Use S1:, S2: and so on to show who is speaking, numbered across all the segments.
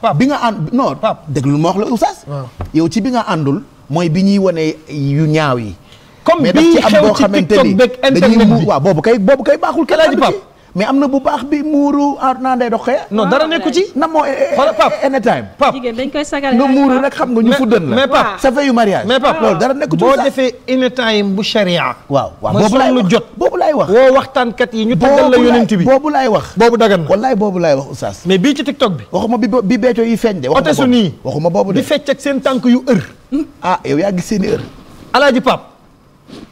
S1: Pape bi nga ànd non Pape déglu ma wax la oustaz. yow ci bi nga àndul mooy bi ñuy wane yu ñaaw yi. comme bii xew ci TikTok beeg internet bi waaw boobu kay boobu kay baaxul kenn ànd ci mais am na bu baax bi muuru naa day dox xëy. non dara nekku ci. na moo eh, eh, xoolal Pape eh, anytime. Pape jigéen dañ koy sagal nga muuru rek xam nga ñu fuddeen la. mais Pape yu mariage. mais Pape loolu dara nekku ci. boo defee bu sharia. boobu laay jot. laay wax woo waxtaankat yi ñu taggal la yonent bi boobu laay wax boobu dagan na wallaay boobu laay wax oustaz mais bii ci tiktok bi waxuma bi bi beeco yi feeñ de ote nii waxuma boobu de di fecc ak seen tànk yu ër hmm? ah yow yaa gis seen i ër alaaji pap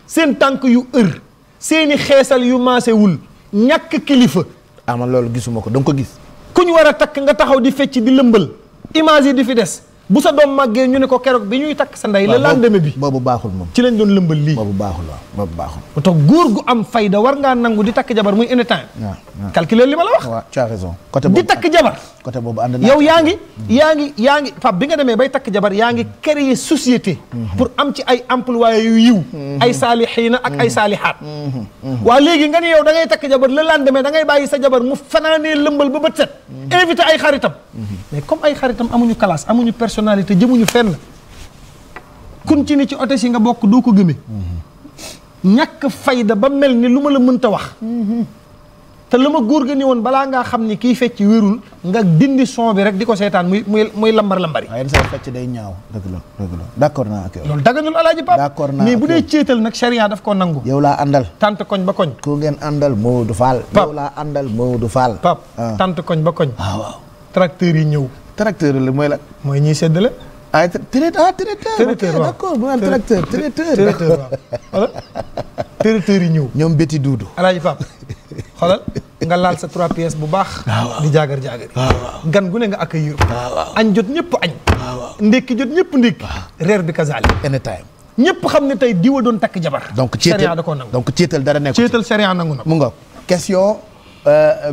S1: seen tànk yu ër seeni xeesal yu maasewul ñàkk kilifa ah man loolu gisuma ko da nga ko gis kuñ war a takk nga taxaw di fecc di lëmbal image yi di fi des bu sa doom màggee ñu ne ko keroog bi ñuy takk sa ndey la lendemain bi boobu baaxul moom ci lañ doon lëmbal lii boobu baaxul waaw boobu baaxul bu tax góor gu am fayda war ngaa nangu di takk jabar muy anytime waaw li ma la wax waaw tu as raison di takk jabar côté boobu ànd naa yow mm. yaa ngi yaa ngi yaa ngi fab bi nga demee bay takk jabar yaa ngi mm. créer société mm-hmm. pour am ci ay employé yu yiw mm-hmm. ay saalihiina ak ay mm-hmm. saalihaat waa léegi nga ne yow da ngay takk jabar la lendemain da ngay bàyyi sa jabar mu fanaanee lëmbal ba bët set invité ay xaritam mais comme ay xaritam amuñu classe amuñu personne nationalité jëmuñu fenn kun ci ni ci otes si nga bokk doo ko gëmee ñàkk fayda ba mel ni lu ma la mënta wax te lu ma góor ga ni woon balaa ngaa xam ni kiy fecc wérul nga dindi son bi rek di ko seetaan muy muy muy lambar lambari. waaye yenn saa fecc day ñaaw dëgg la dëgg loolu daganul alaaji Pape. d' accord bu dee ceetal nag charia daf koo nangu. yow laa àndal. tante koñ ba koñ. ku ngeen àndal Modou Fall. Pape yow laa àndal Modou Fall. Pape ah. tante koñ ba koñ. Ah, waaw yi ñëw. tracteur la mooy la. mooy ñiy séddale. ay ah, traiteur ah traiteur. traiteur waaw ok yi ñëw. ñoom bétti duudu. alaaji Pape xoolal nga laal sa trois pièces bu baax. Ah, di jaagar jaagar. Ah, gan gu ne nga accueillir. waaw añ jot ñëpp añ. ndékki jot ñëpp ndékki. reer bi kazaale. anytime. ñëpp xam ne tey diwa doon takk jabar. donc ceetal da ko nangu donc ceetal dara nekk. ceetal sariya nangu na mu nga question. Euh,